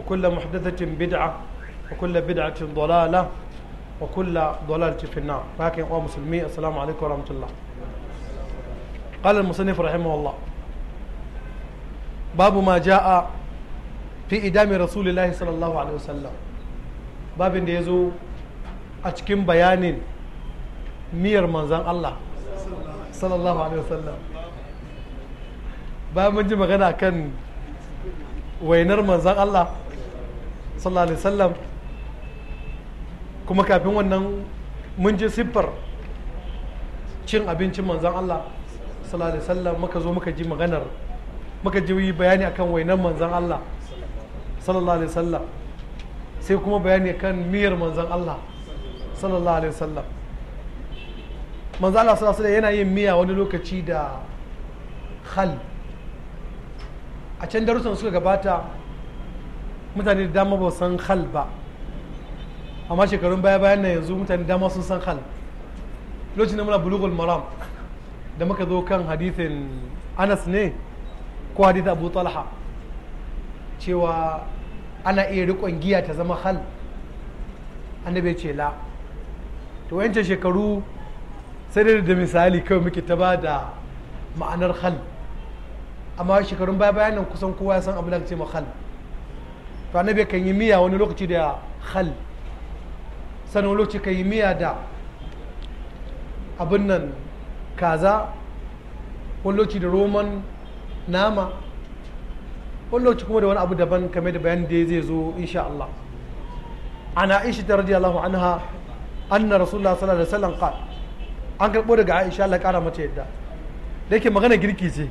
وكل محدثة بدعة وكل بدعة ضلالة وكل ضلالة في النار لكن أخوة مسلمي السلام عليكم ورحمة الله قال المصنف رحمه الله باب ما جاء في إدام رسول الله صلى الله عليه وسلم باب يزو أتكم بيان مير منزان الله صلى الله عليه وسلم باب من جمع غنى كان wainar manzan Allah sallallahu alaihi wasallam kuma kafin wannan mun ji siffar cin abincin manzan Allah sallallahu alaihi wasallam muka zo muka ji maganar muka ji bayani akan wainan manzan Allah sallallahu alaihi wasallam sai kuma bayani kan miyar manzan Allah sallallahu alaihi wasallam manzan Allah sallallahu alaihi yana yin miya wani lokaci da hal a can darussan suka gabata mutane da dama ba san hal ba amma shekarun baya bayan nan yanzu mutane da dama sun san hal lokacin da muna bulugul maram da muka zo kan hadithin anas ne ko hadith abu talha cewa ana iya riƙon giya ta zama hal annabi ce la to wancan shekaru sai dai da misali kawai muke ta ba da ma'anar hal amma shekarun baya bayan nan kusan kowa ya san abin da ce ma hal to annabi kan yi miya wani lokaci da hal sanin wani lokaci kan yi miya da abin nan kaza wani lokaci da roman nama wani lokaci kuma da wani abu daban kamar da bayan da zai zo insha Allah ana aisha ta radiyallahu anha anna rasulullah sallallahu alaihi wasallam qala an karbo daga aisha Allah kara mata yadda da yake magana girki ce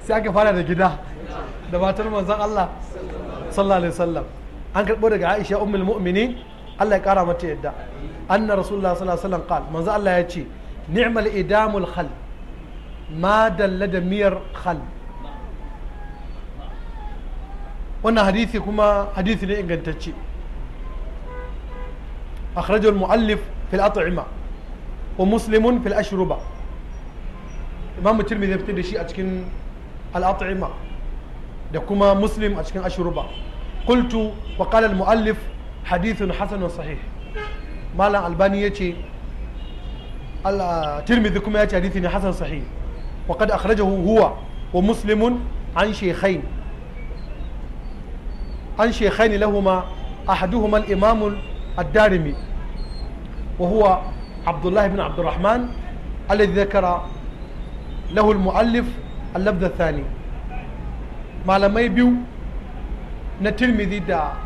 sai aka fara da gida da matar manzon Allah sallallahu alaihi wasallam an karɓo daga aisha ummul mu'minin Allah ya kara mata yadda anna rasulullah sallallahu alaihi wasallam qal manzo Allah ya ce ni'mal idamul khal ma dalla da miyar khal wannan hadisi kuma hadisi ne ingantacce akhrajahu al-muallif fi al-at'ima wa muslimun fi al ya fitar da shi a cikin al-at'ima da kuma muslim a cikin ashruba qultu wa qala al muallif hadithun hasanun sahih malam albani yace الترمذي كما ياتي حديث حسن صحيح وقد اخرجه هو ومسلم عن شيخين عن شيخين لهما احدهما الامام الدارمي وهو عبد الله بن عبد الرحمن الذي ذكر له المؤلف اللفظ الثاني malamai biyu na tirmidhi da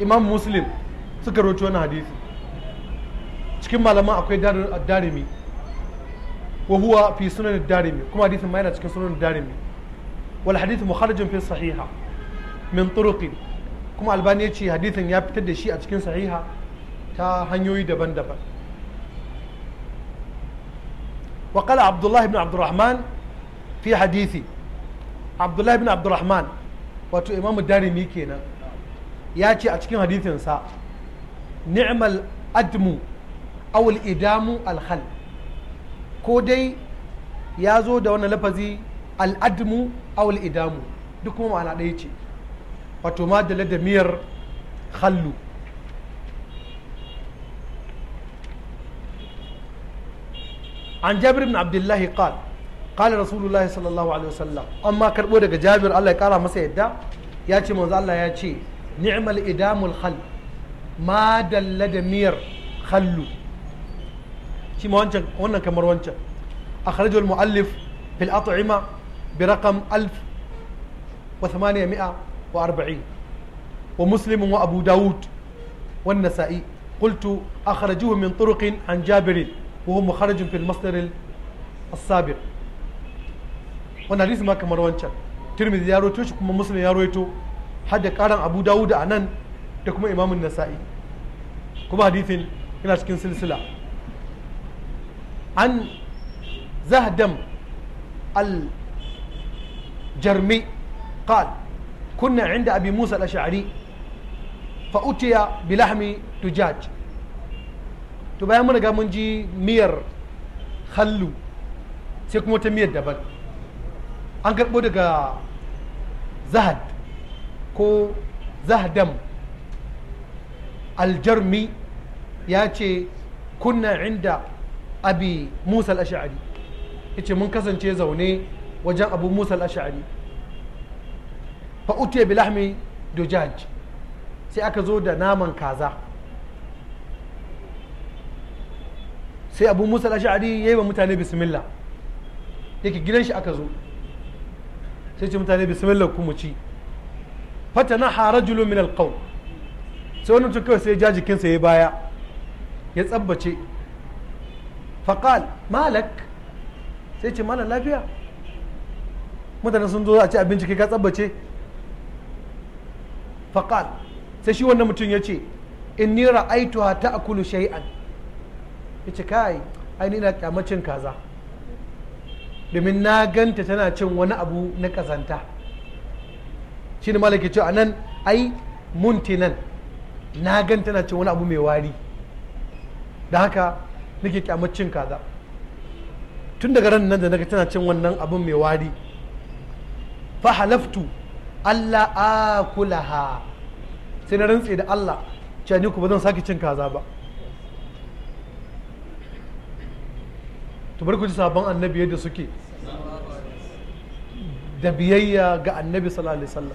imam muslim suka roci wani hadisi cikin malaman akwai darimi wa huwa fi sunan darimi kuma hadisin ma yana cikin sunan darimi wal hadith mukharrajun fi sahiha min turuqin kuma albani ya ce hadithin ya fitar da shi a cikin sahiha ta hanyoyi daban-daban وقال عبد الله بن عبد الرحمن في حديثه abdullahi bin abdurrahman wato imamu darimi kenan ya ce a cikin hadithinsa ni'mal admu awul idamu alhal ko dai ya zo da wani lafazi al'admu awul idamu duk kuma ma'ana ɗaya ce wato ma da miyar hallu عن جابر بن عبد الله قال قال رسول الله صلى الله عليه وسلم أما كربو دك جابر الله يقال مسا يا ياتي منذ الله ياتي نعم الإدام الخل ما دل دمير خلو شي مونجا وانشان كمرونجا أخرجه المؤلف في الأطعمة برقم 1840 ومسلم وأبو داود والنسائي قلت أخرجوه من طرق عن جابر وهو مخرج في المصدر السابق wani hadisi ma kamar wancan tirmidhi ya rawaito shi kuma muslim ya rawaito har da karan abu dawud anan da kuma imam an nasa'i kuma hadisin yana cikin silsila an zahdam al jarmi قال كنا عند أبي موسى الأشعري فأتي بلحم دجاج تبقى من جي مير خلو سيكمو تمير دبل an karɓo daga zahad ko zahdam aljarmi ya ce kunna inda abi musa al-ash'ari ce mun kasance zaune wajen abu musa al-ash'ari fa utiya bi lahmi dujaj sai aka zo da naman kaza sai abu musa al-ash'ari yayi wa mutane bismillah yake gidan shi aka zo sai ce mutane bismillah ku mu ci na harajulu min alqaw sai wani mutum kawai sai ya jikinsa ya baya ya tsabbace faqal malak sai ce malam lafiya mutane sun zo a ci abinci kai ka tsabbace faqal sai shi wannan mutum ya ce In inni ra'aituha ta'kulu shay'an yace kai ai ni na kyamacin kaza domin na ganta tana cin wani abu na kazanta shi ne malaki cewa nan ai nan na gan tana cin wani abu mai wari da haka nake kyamar cin kaza tun daga ran nan da naga tana cin wannan abun mai wari fa halaftu Allah akulaha sai na rantse da Allah cewa ni ku ba zan sake cin kaza ba to sabon annabi yadda suke da biyayya ga annabi sallallahu alaihi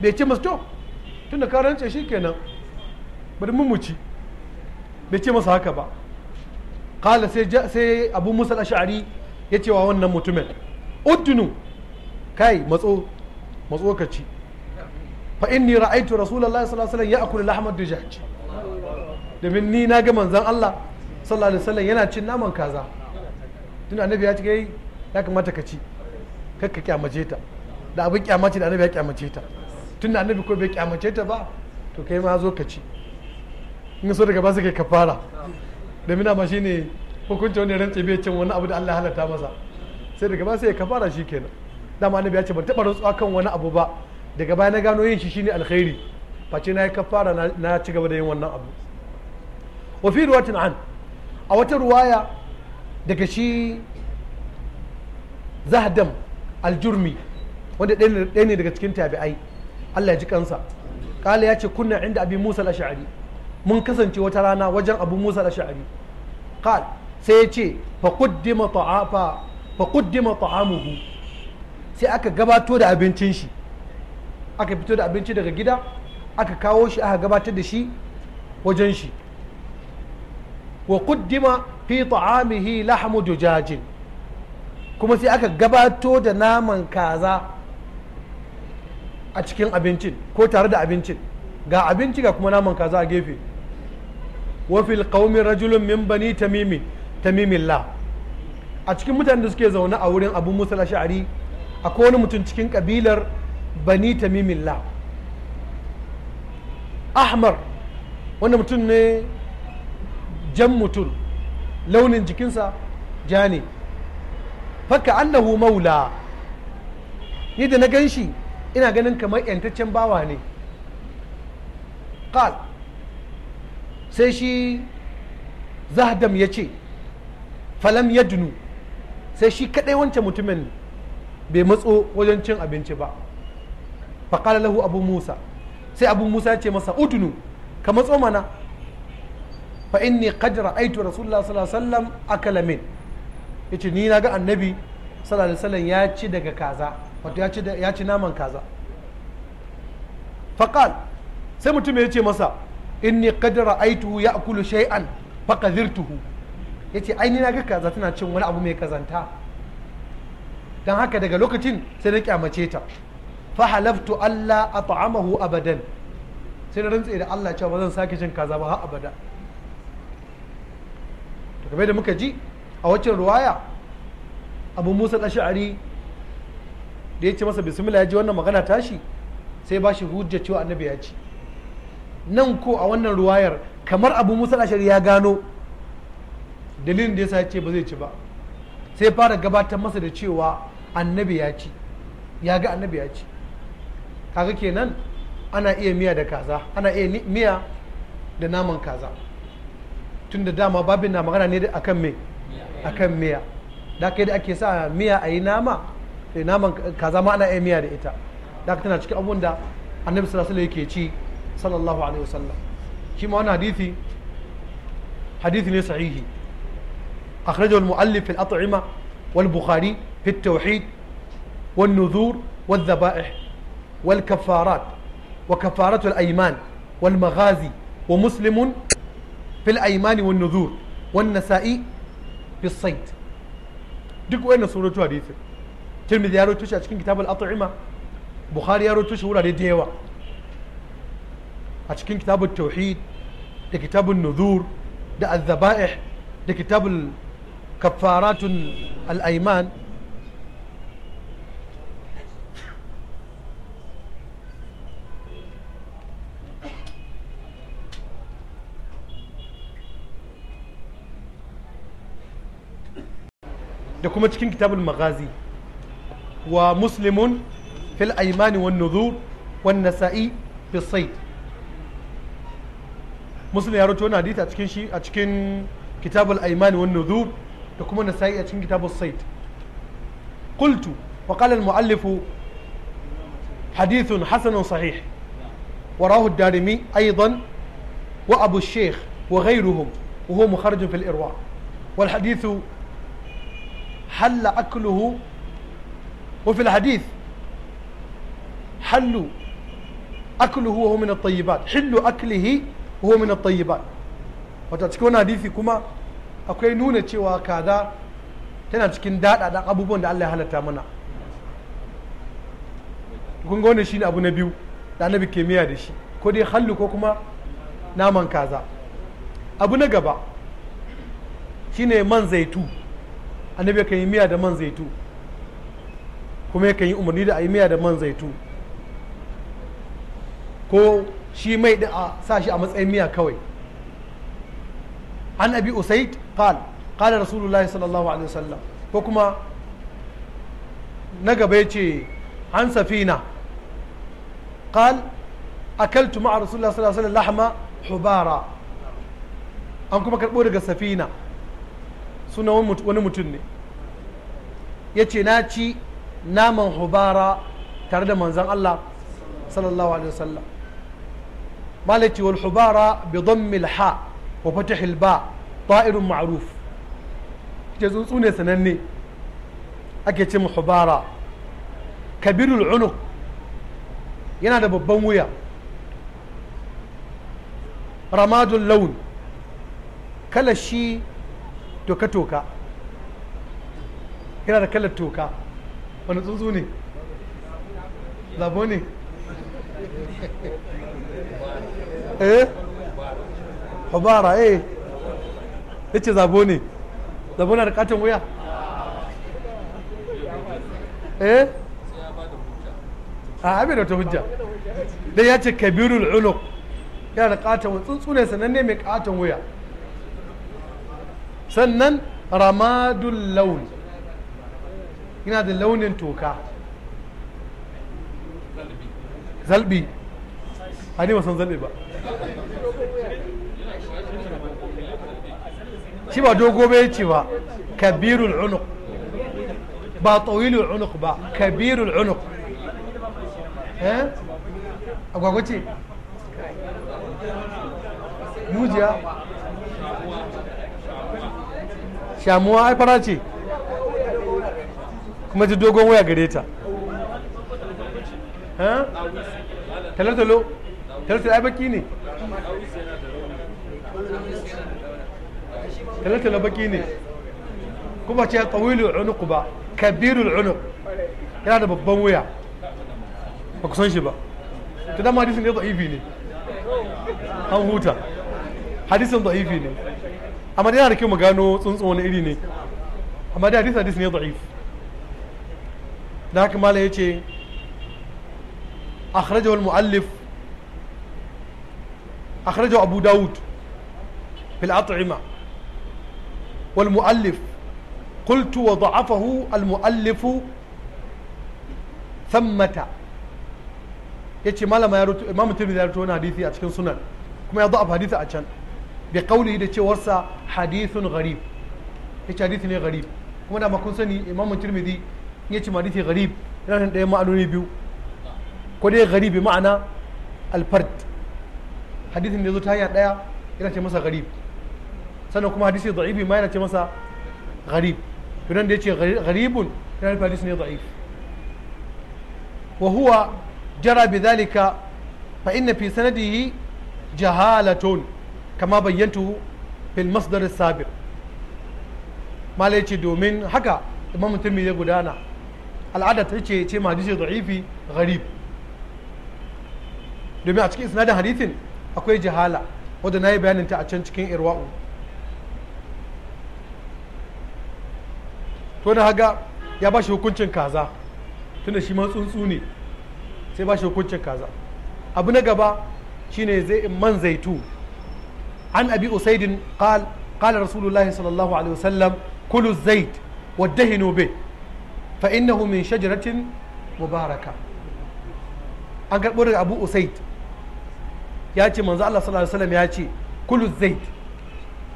bai ce masu to tunda ka rance shi kenan bari mu muci bai ce masa haka ba kala sai abu musa ash'ari ya ce wa wannan mutumin uddunu kai matso matso ka ci fa inni ra'aitu rasulullahi sallallahu alaihi wasallam ya'kulu lahmad dajaj domin ni na ga manzon Allah sallallahu alaihi wasallam yana cin naman kaza tun annabi ya ce kai ya kamata ka ci kakka kyamace ta da abin kyamace da annabi ya kyamace ta tun annabi ko bai kyamace ta ba to kai ma zo ka ci in so daga ba su kai kafara domin ma shine hukunci wani rantse bai cin wani abu da Allah halatta masa sai daga ba sai ya kafara shi kenan dama annabi ya ce ban taɓa rantsuwa kan wani abu ba daga baya na gano yin shi shine alkhairi face na yi kafara na ci gaba da yin wannan abu wa fi ruwatin an a wata ruwaya daga shi zahdam aljurmi wanda ɗaya ne daga cikin tabi'ai Allah ya ji kansa kala ya ce kunna inda abin musa ash'ari mun kasance wata rana wajen abu musa ash'ari qal sai ya ce fa qaddima ta'amuhu sai aka gabato da abincin shi aka fito da abinci daga gida aka kawo shi aka gabatar da shi wajen shi wa kuddima fi ta'amihi lahmu dujajin kuma sai aka gabato da naman kaza a cikin abincin ko tare da abincin ga abinci ga kuma naman kaza a gefe wa fil qaumi rajulun min bani tamimi tamimillah a cikin mutanen da suke zaune a wurin abu musa ash'ari akwai wani mutum cikin kabilar bani tamimillah ahmar wanda mutum ne jan mutum launin jikinsa ja ne fakka annahu maula ni da na gan shi ina ganin kamar yantaccen bawa ne qal sai shi zahdam ya ce falam ya dunu sai shi kaɗai wancan mutumin bai matso wajen cin abinci ba faƙalalahu abu musa sai abu musa ya ce masa udunu ka matso mana fa inni qad ra'aytu rasulullah sallallahu alaihi wasallam akala min yace ni naga ga annabi sallallahu alaihi wasallam ya ci daga kaza wato ya ci ya ci naman kaza faqal sai mutum ya ce masa inni qad ra'aytuhu ya'kulu shay'an faqadhirtuhu yace ai ni naga kaza tana cin wani abu mai kazanta dan haka daga lokacin sai na kyamace ta fa halaftu alla at'amahu abadan sai na rantse da Allah cewa ba zan sake cin kaza ba har abada to kamar da muka ji a waccan ruwaya abu musa sha'ari da ya ce masa bismillah ya ji wannan magana tashi sai ba shi hujja cewa annabi ya ci nan ko a wannan ruwayar kamar abu musa ash'ari ya gano dalilin da sa ya ce ba zai ci ba sai fara gabatar masa da cewa annabi ya ci ya ga annabi ya ci kaga kenan ana iya miya da kaza ana iya miya da naman kaza tun da dama babin na magana ne akan me akan miya da kai da ake sa miya a yi nama naman kaza ma ana iya miya da ita da tana cikin abun da annabi sallallahu alaihi yake ci sallallahu alaihi wasallam shi ma wannan hadisi hadisi ne sahihi akhrajahu al-muallif fi al-at'ima wal bukhari fi at-tauhid wan nuzur wal dhaba'ih wal kafarat wa kafaratu al-ayman wal maghazi wa في الأيمان والنذور والنسائي في الصيد دك وين سورة حديث تلميذ يارو توشي أشكين كتاب الأطعمة بخاري يارو توشي ولا ديوا أشكين كتاب التوحيد ده كتاب النذور ده الذبائح ده كتاب كفارات الأيمان da kuma cikin kitabul magazi wa muslimun fil aimani wan nudur wan nasa'i fi sayd muslim ya rawaito wannan hadisi a cikin shi a cikin kitabul aimani wan nudur da kuma nasa'i a cikin kitabul sayd qultu wa qala al muallif حديث حسن صحيح وراه الدارمي أيضا وأبو الشيخ وغيرهم وهو مخرج في الإرواء والحديث حل أكله وفي الحديث حل أكله وهو من الطيبات حل أكله وهو من الطيبات وتتكون حديثي كما أكوي نونة تشوى كذا tana cikin daɗaɗa abubuwan da Allah ya halatta mana kun ga wannan na biyu da da shi ko dai hallu ko kuma naman kaza abu na gaba shine man zaitu annabi yakan yi miya da man zaitu kuma yakan yi umarni da a yi miya da man zaitu ko shi mai da a sa shi a matsayin miya kawai an abi usaid qal qala rasulullahi sallallahu alaihi wasallam ko kuma na gaba yace an safina qal akaltu ma'a rasulullahi sallallahu alaihi wasallam lahma hubara an kuma karbo daga safina sunan wani mutum ne ya ce na ci naman hubara tare da manzan Allah sallallahu alaihi wasallam malaki wal hubara bi dhammil ha wa fatahil ba ta'irun ma'ruf ke tsuntsu ne sananne ake ce hubara kabirul unuk yana da babban wuya ramadul laun shi. toka-toka yana da kalar toka wani tsuntsu ne labo ne eh hubara eh ya ce zabo ne zabo na da katon wuya eh a abin da ta hujja dai ya ce kabirul uluk yana da katon tsuntsu ne sananne mai katon wuya sannan ramadun launi yana da launin toka zalbi a ne san zalbi ba shi ba dogo bai ce ba kabirul unuk ba tawilul unuk ba kabirul unuk eh agwagwace mujiya shamuwa ai fara ce kuma ji dogon waya gare ta talatalo talatalo ai baki ne talatalo baki ne kuma ce tsawilu unuku ba kabirul unuk yana da babban waya ba ku san shi ba ta dama hadisin ya da'ifi ne an huta hadisin da'ifi ne amma yana da kyau mu gano tsuntsun wani iri ne amma da hadisi hadisi ne da'if da haka mala ya ce akhrajahu al-mu'allif akhrajahu abu daud fil at'ima wal mu'allif قلت وضعفه المؤلف ثمة yace malama ya rutu imam tirmidhi ya rutu wani hadisi a cikin sunan kuma ya da'af hadisi a can bi kauli da cewarsa hadithun gharib ya ce hadithi ne gharib kuma da kun sani imamun tirmidhi ya ce hadithi gharib yana da ɗaya ma'anoni biyu ko dai gharib ma'ana alfard hadithin ne ya zo ta hanya ɗaya yana ce masa gharib sannan kuma hadisi da'ifi ma yana ce masa gharib to nan da ya ce gharibun yana nufin hadisi ne da'if wa huwa jara bi dhalika fa inna fi sanadihi jahalatun kama bayyantu fil masdar sabir malai ce domin haka imam mutum ya gudana al'ada ta ce ce mahadisi da'ifi gharib domin a cikin sanadin hadithin akwai jihala wadda na yi bayanin ta a can cikin irwa'u to na haga ya ba shi hukuncin kaza tunda shi man tsuntsu ne sai ba shi hukuncin kaza abu na gaba shine zai man zaitu عن أبي أسيد قال قال رسول الله صلى الله عليه وسلم كلوا الزيت وادهنوا به فإنه من شجرة مباركة أقول أبو أسيد ياتي من الله صلى الله عليه وسلم ياتي كلوا الزيت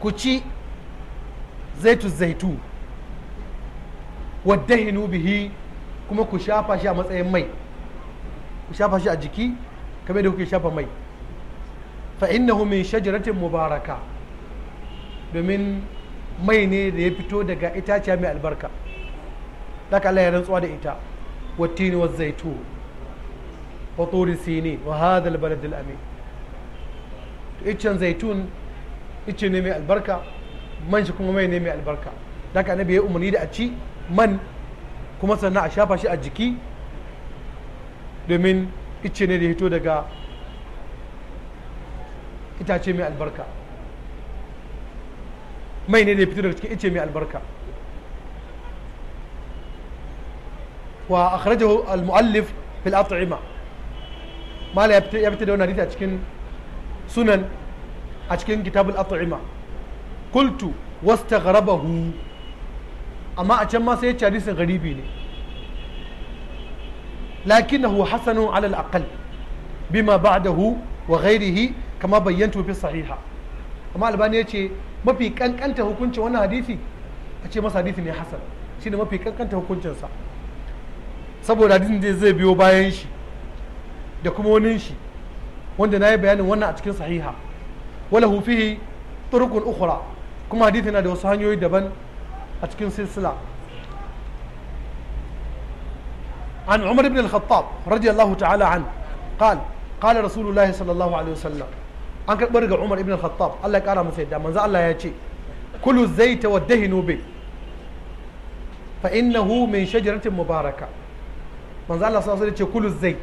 كتشي زيت الزيتون waddahinu bihi kuma ku shafa shi a matsayin mai ku shafa shi a jiki kamar da kuke shafa mai fa innahu min shajaratin mubaraka domin mai ne da ya fito daga itaciya mai albarka daga Allah ya rantsuwa da ita wattini wa zaitu wa turi sini wa hadha albalad alamin zaitun icce ne mai albarka man shi kuma mai ne mai albarka daga annabi ya umarni da a ci man kuma sannan a shafa shi a jiki domin icce ne da ya fito daga itace mai albarka mai ne da ya fito daga cikin ice mai albarka wa akhrajahu al-muallif fil at'ima mala ya fito da wannan hadisi a cikin sunan a cikin kitabul at'ima qultu wastaghrabahu amma a can ma sai ya ce hadisin garibi ne lakinnahu hasanu ala al-aqall bima ba'dahu wa ghairihi kama bayyanta fi sahiha amma albani ce mafi kankanta hukuncin wannan hadisi a ce masa hadisi ne hasan ne mafi kankanta hukuncinsa saboda hadisin zai zai biyo bayan shi da kuma wani shi wanda na yi bayanin wannan a cikin sahiha wala hufihi turukun ukhra kuma hadisi na da wasu hanyoyi daban a cikin silsila عن عمر بن الخطاب رضي الله تعالى عنه قال قال رسول الله صلى الله عليه وسلم an karɓi daga umar ibn al-khattab Allah ya ƙara masa yadda manzo Allah ya ce kulu zaita wa dahinu bi fa innahu min shajaratin mubaraka manzo Allah sallallahu alaihi ce kulu zai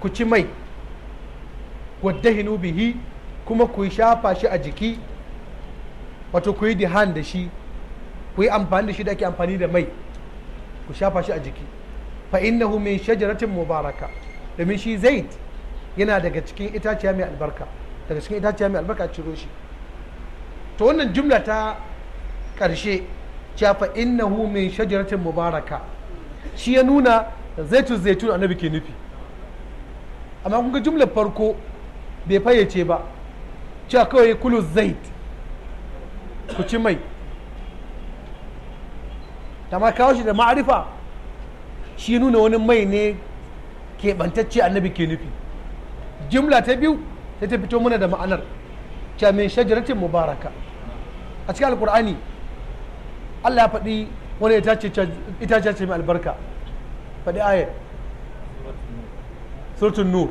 ku ci mai wadda dahinu bihi kuma ku shafa shi a jiki wato ku yi dihan da shi ku yi amfani da shi da ake amfani da mai ku shafa shi a jiki fa innahu min shajaratin mubaraka domin shi zait yana daga cikin itaciya mai albarka daga cikin itaciya mai albarka ciro shi to wannan jumla ta ƙarshe cewa fa innahu min shajaratin mubaraka shi ya nuna zaitun zaitun annabi ke nufi amma kun ga jumlar farko bai fayyace ba cewa kawai kulu zait ku ci mai ma kawo shi da ma'arifa shi nuna wani mai ne keɓantacce annabi ke nufi jumla ta biyu sai ta fito mana da ma'anar cewa min shajaratin mubaraka a cikin alkur'ani Allah ya faɗi wani itace ce mai albarka faɗi ayat surtun nur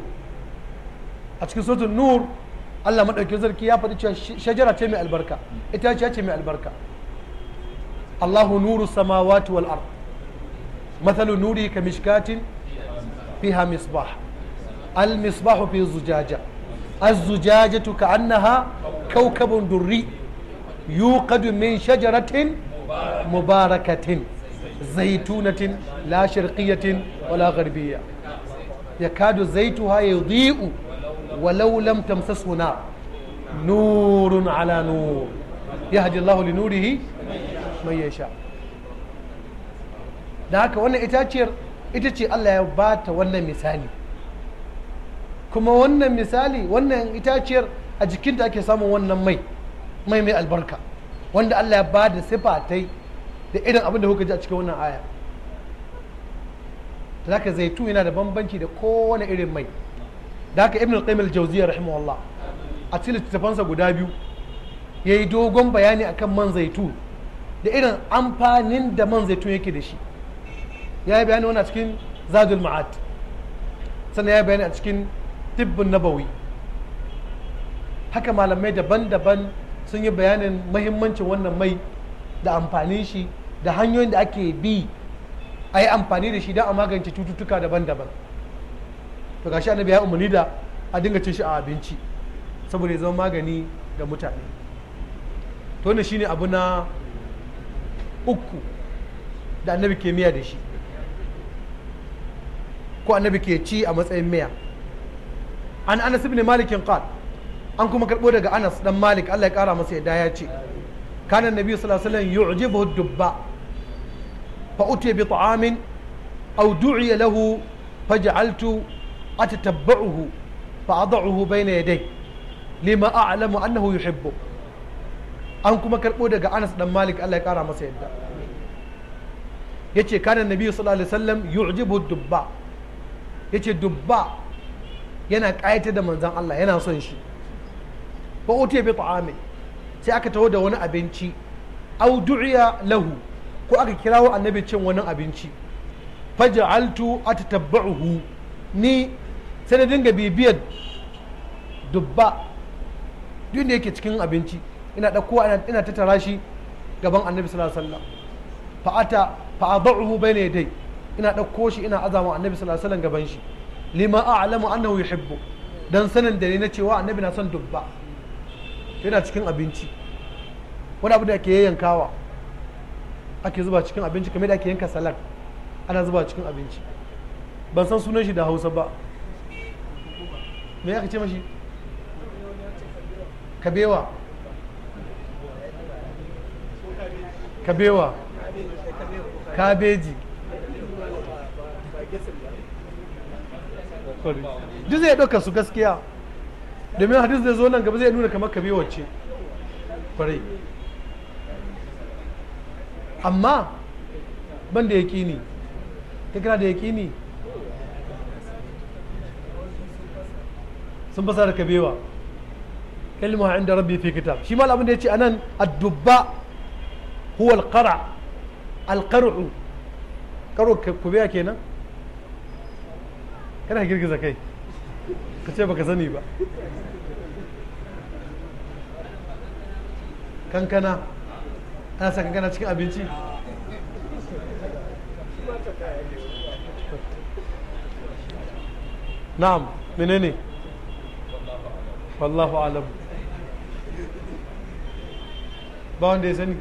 a cikin surtun nur Allah maɗauki zarki ya faɗi cewa shajara ce mai albarka itaciya ce mai albarka Allahu nuru samawati wal ard mathalu nuri ka mishkatin fiha misbah al misbahu fi zujaja الزجاجة كأنها كوكب دري يوقد من شجرة مباركة زيتونة لا شرقية ولا غربية يكاد زيتها يضيء ولو لم تمسسه نار نور على نور يهدي الله لنوره من يشاء da haka wannan itaciyar ita ce Allah ya bata wannan misali kuma wannan misali wannan itaciyar a jikinta ake samun wannan mai mai mai albarka wanda Allah ya ba da sifatai da irin abin da kuka ji a cikin wannan aya zaka zaitu yana da bambanci da kowane irin mai da haka ibn al-qayyim al-jawziyya rahimahullah a cikin littafansa guda biyu yayi dogon bayani akan man zaitun da irin amfanin da man zaitu yake da shi ya yi bayani wani a cikin zadul ma'ad sannan ya yi bayani a cikin na nabawi haka malamai daban-daban sun yi bayanin mahimmancin wannan mai da amfanin shi da hanyoyin da ake bi a yi amfani da shi don a magance cututtuka daban-daban to gashi annabi ya umarni da a dinga cin shi a abinci saboda ya zama magani ga mutane to ne abu na uku da annabi ke miya da shi ko annabi ke ci a matsayin miya عن أنس بن مالك قال أنكم كتبوا دعا أنس دم مالك الله كارا مسيح دايا شيء كان النبي صلى الله عليه وسلم يعجبه الدباء فأتي بطعام أو دعي له فجعلت أتتبعه فأضعه بين يديه لما أعلم أنه يحبه أنكم كتبوا دعا أنس دم مالك الله كارا مسيح دايا يتي كان النبي صلى الله عليه وسلم يعجبه الدباء يتي الدباء yana ƙayata da manzan Allah yana son shi ba utiya bi ame sai aka taho da wani abinci au du'iya lahu ko aka kirawo annabi cin wani abinci tabba uhu. ni sai na dinga bibiyar dubba duk da yake cikin abinci ina ɗaukowa ina tattara shi gaban annabi sallallahu alaihi wasallam fa'ata fa'adahu bayna dai ina ɗauko shi ina azama annabi sallallahu gaban shi lima a'lamu annahu yuhibbu dan sanin da ne na cewa annabi na son dubba yana cikin abinci wani abu da ake yankawa ake zuba cikin abinci kamar da ake yanka salak ana zuba cikin abinci ban san sunan shi da hausa ba me aka ce mashi kabewa kabewa kabeji faru duk zai ɗauka su gaskiya domin hadis da zo nan gaba zai nuna kamar kabe wacce kwarai amma ban da yaƙini ta kira da yaƙini sun fasa da kabewa ilmu inda rabbi fi kitab shi mal abin da ya ce anan addubba huwa alqara alqar'u karo kubewa kenan kana girgiza kai ka ce baka sani ba kankana ana sa kankana cikin abinci na'am menene wallahu alam ba wanda ya sani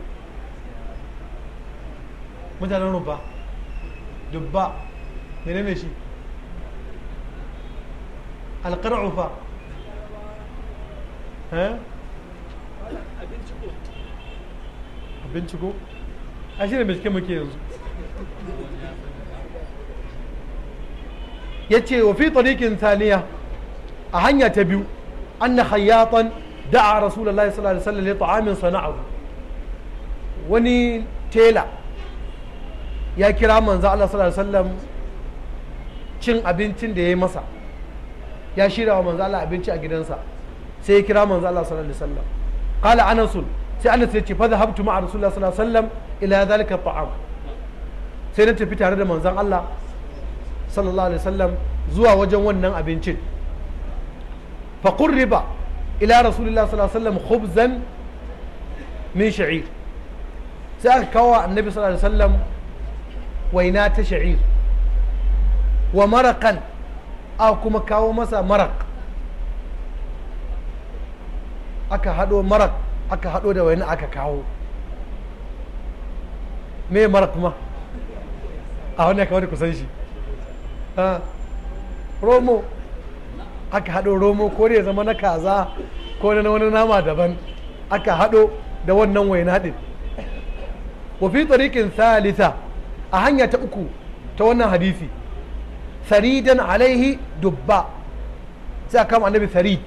mutanen rumfa dubba menene shi alƙar'u fa abinci ya ce wa fi tsarikin saniya a hanya ta biyu an na hayyatan da'a rasulallah sallallahu alaihi wani tela ya kira manza Allah cin abincin da ya yi masa ya shirya wa manzo Allah abinci a gidansa sai ya kira manzo Allah sallallahu alaihi wasallam qala anas sai anas ya ce fa dhahabtu ma'a rasulullah sallallahu alaihi wasallam ila zalika ta'am sai na tafi tare da manzon Allah sallallahu alaihi wasallam zuwa wajen wannan abincin fa qurriba ila rasulullah sallallahu alaihi wasallam khubzan min sha'ir sai aka kawo annabi sallallahu alaihi wasallam waina ta sha'ir wa maraqan a kuma kawo masa marak aka haɗo marak aka haɗo da wani aka kawo me marak kuma a wani aka wani kusan shi romo aka haɗo romo ko ya zama na kaza ko na wani nama daban aka haɗo da wannan waina ɗin wafi tsarikin salisa a hanya ta uku ta wannan hadisi Saridan alaihi dubba sai a kama annabi farid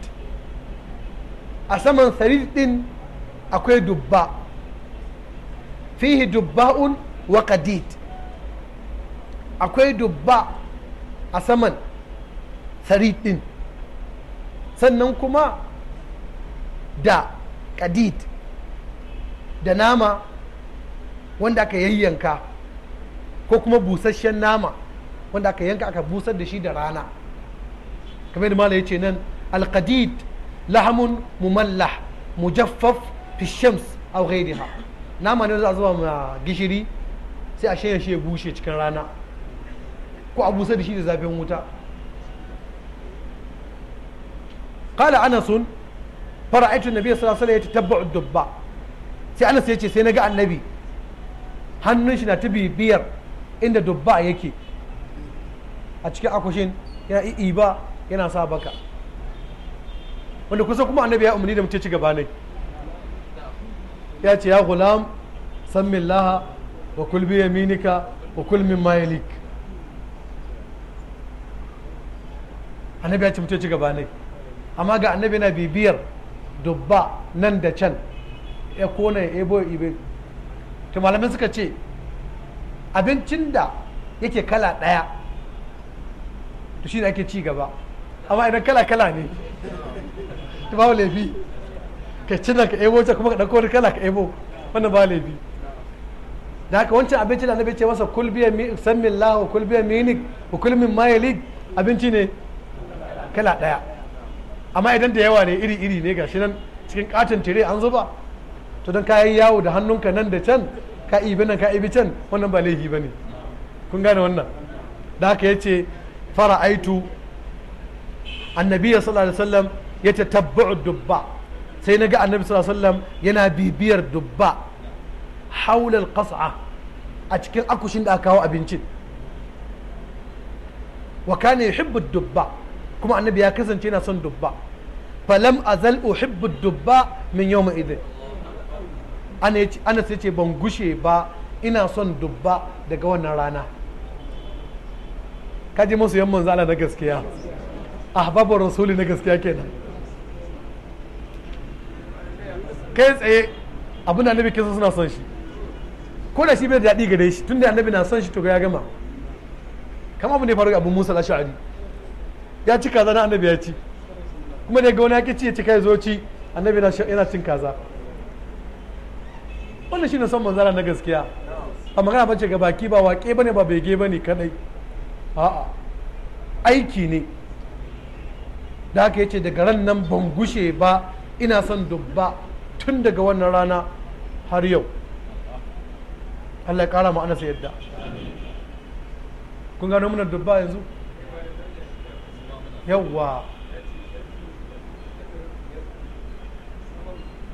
a saman farid din akwai dubba fihi dubba'un wa qadid akwai dubba a saman farid din sannan kuma da kadid da nama wanda aka yanka ko kuma busasshen nama wanda aka yanka aka busar da shi da rana kamar yadda ya ce nan alqadid lahamun mumallah mujaffaf fi shams aw ghayriha nama ne za a zuba ma gishiri sai a shanya shi ya bushe cikin rana ko a busar da shi da zafin wuta قال أنس فرأيت النبي صلى الله عليه وسلم يتتبع sai Anas yace sai na ga annabi hannun shi na ta bibiyar inda dubba yake a cikin akushin yana ba yana sa baka wanda kusa kuma annabi ya umarni da mutum ci gaba ne ya ce ya gulam san min laha wa kul bi yaminika wa kul min mayalik annabi ya ce mutum ci gaba ne amma ga annabi na bibiyar dubba nan da can ya kona ya ebo ibe to malamin suka ce abincin da yake kala ɗaya to shi ake ci gaba amma idan kala kala ne ta ba laifi ka ci ka ebo ta kuma ka dauko wani kala ka ebo wannan ba laifi da haka wancan abinci da annabi ce masa kulbiya biya mi sammin lahu kulbiya minik wa kulmin mayalik abinci ne kala daya amma idan da yawa ne iri iri ne gashi nan cikin katin tire an zuba to don kayan yawo da hannunka nan da can ka ibi nan ka ibi can wannan ba laifi ba ne kun gane wannan da haka yace ce fara'aitu annabi sallallahu alaihi wasallam ya ce tabbu'u dubba sai na ga annabi sallallahu alaihi wasallam yana bibiyar dubba haulal qas'a a cikin akushin da aka kawo abincin wa kana yuhibbu dubba kuma annabi ya kasance yana son dubba falam azal uhibbu dubba min yawm idin ana sai ce ban gushe ba ina son dubba daga wannan rana ka ji masu yan manzala na gaskiya ahbabu rasuli na gaskiya kenan kai tsaye abin da annabi kisa suna son shi ko da shi bai daɗi gare shi da annabi na son shi to ya gama kama abu ne faru abu musa da sha'ari ya ci kaza na annabi ya ci kuma ga wani ya ci ya ci kai zo ci annabi yana cin kaza wannan na son manzara na gaskiya a magana bace ga baki ba waƙe bane ba bege bane kadai a'a aiki ne da aka yace daga ran nan ban gushe ba ina son dubba tun daga wannan rana har yau Allah ya kara ma'ana sai yadda kun gano muna dubba yanzu yawwa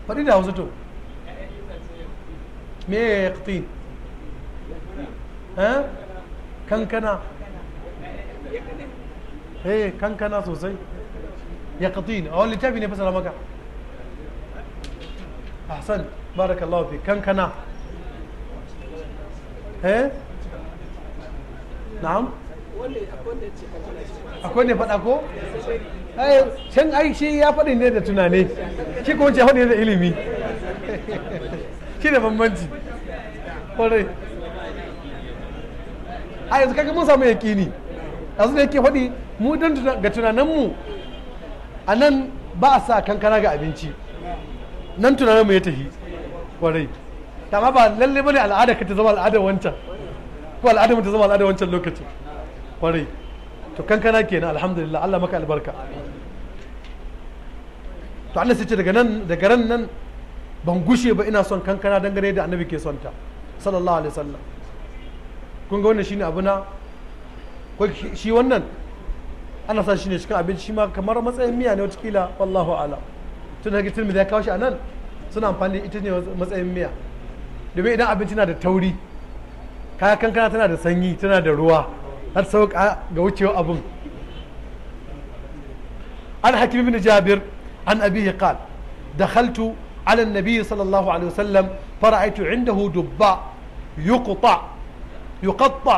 faɗi da hausa to me ya yi eh? kankana eh kankana sosai ya katini a wani littafi ne fasara maka ahsan barakallahu kankana eh? akwai ne faɗa ko? Eh, can ya faɗi ne da shi kuma ce faɗi ne da ilimi shi da bambanci a yanzu mun samu yaƙini yanzu da yake faɗi mu dan ga tunaninmu a nan ba a sa kankana ga abinci nan tunaninmu ya tafi kwarai amma ba lalle bane al'ada ka ta zama al'ada wancan ko al'ada mu ta zama al'ada wancan lokacin kwarai to kankana kenan alhamdulillah Allah maka albarka to Allah sai ce daga nan daga ran nan ban gushe ba ina son kankana dangane da annabi ke son ta sallallahu alaihi wasallam kun ga wannan shine abu na ko shi wannan ana sa shi ne cikin abinci shi ma kamar matsayin miya ne watakila wallahu ala tun da tilmi da ya kawo shi a nan suna amfani ita ne matsayin miya domin idan abinci na da tauri Kaya kankana tana da sanyi tana da ruwa har sauka ga wucewa abin an hakim bin jabir an abihi qal dakhaltu على النبي صلى الله عليه وسلم فرأيت عنده دباء يقطع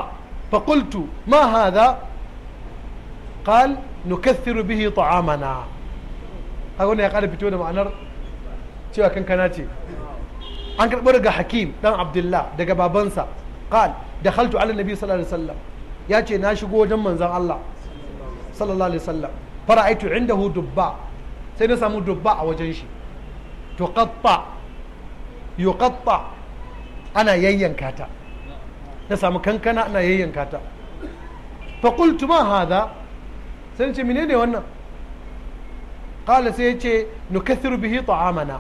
فقلت ما هذا قال نكثر به طعامنا أقول يا قال بتونا معنر cewa kankana ce an karɓi daga hakim ɗan abdullah daga babansa qal da haltu ala nabi sallallahu alaihi wasallam ya ce na shigo wajen manzon allah sallallahu alaihi wasallam fara aitu indahu dubba sai na samu dubba a wajen shi tuqatta yuqatta ana yayyanka ta na samu kankana ana yayyanka ta fa qultu ma hadha sai ce menene wannan qala sai yace nukathiru bihi ta'amana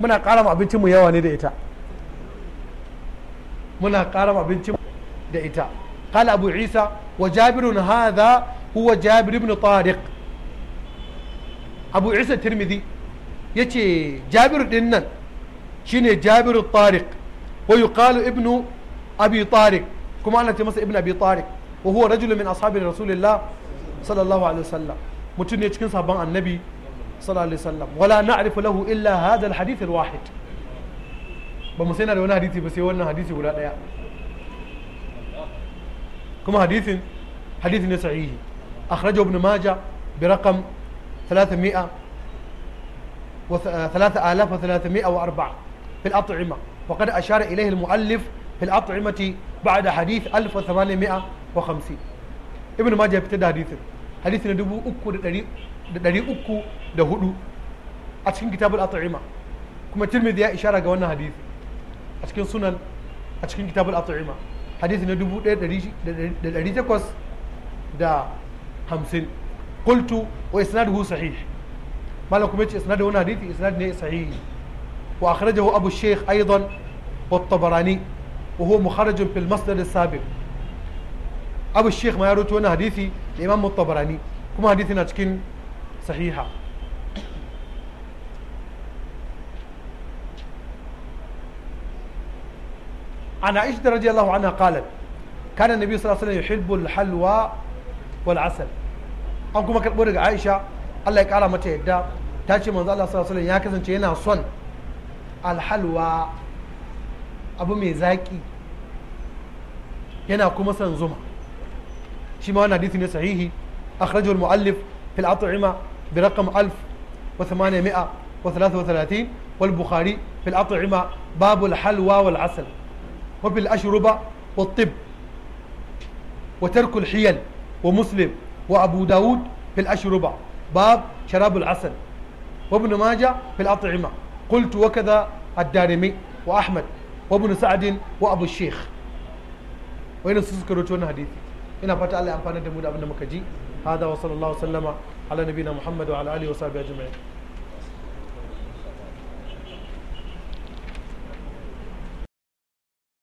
muna ƙara mu abincin mu yawa ne da ita muna ƙara mu da ita qala abu isa wa jabirun hadha huwa jabir ibn tariq abu isa tirmidhi yace jabir din nan shine jabir tariq wa yuqalu ibnu أبي طارق كما أنا تمس ابن أبي طارق وهو رجل من أصحاب رسول الله صلى الله عليه وسلم متن يتكن صحابة النبي صلى الله عليه وسلم ولا نعرف له إلا هذا الحديث الواحد بمسينا لونا حديثي بس يولنا حديثي ولا لا كما حديث حديث نسعيه أخرجه ابن ماجه برقم 300 و 3304 في الأطعمة وقد أشار إليه المؤلف في الأطعمة بعد حديث 1850 ابن ماجه يبتدى حديثا حديثنا دبو أكو دري أكو دهدو أتكين كتاب الأطعمة كما تلمذ يا إشارة قوانا حديث أتكين سنن أتكين كتاب الأطعمة حديثنا دبو دري تكوس دا خمسين قلت وإسناده صحيح ما لكم إسناده هنا حديث إسناده صحيح وأخرجه أبو الشيخ أيضا والطبراني وهو مخرج في المصدر السابق abu sheikh ma ya roto wani hadisi da imam mutabarani kuma hadisi na cikin sahiha ana aisha da radiyallahu anha qalat nabi sallallahu an kuma karbo daga aisha Allah ya kara mata yadda ta ce manzo Allah sallallahu alaihi wasallam ya kasance yana son alhalwa abu mai zaki yana kuma san zuma shi ma wannan hadisi ne sahihi akhrajahu al-mu'allif fi al-at'ima bi raqam 1833 wal bukhari fi al-at'ima باب الحلوى والعسل وفي الأشربة والطب وترك الحيل ومسلم وأبو داود في الأشربة باب شراب العسل وابن ماجه في الأطعمة قلت وكذا الدارمي وأحمد wa ibn sa'adin wa abu sheikh wayna su suka rawaito wani hadisi ina fata Allah ya amfana da mu da abin muka ji hada wa sallallahu alaihi wasallama ala muhammad wa ala alihi wa sahbihi ajma'in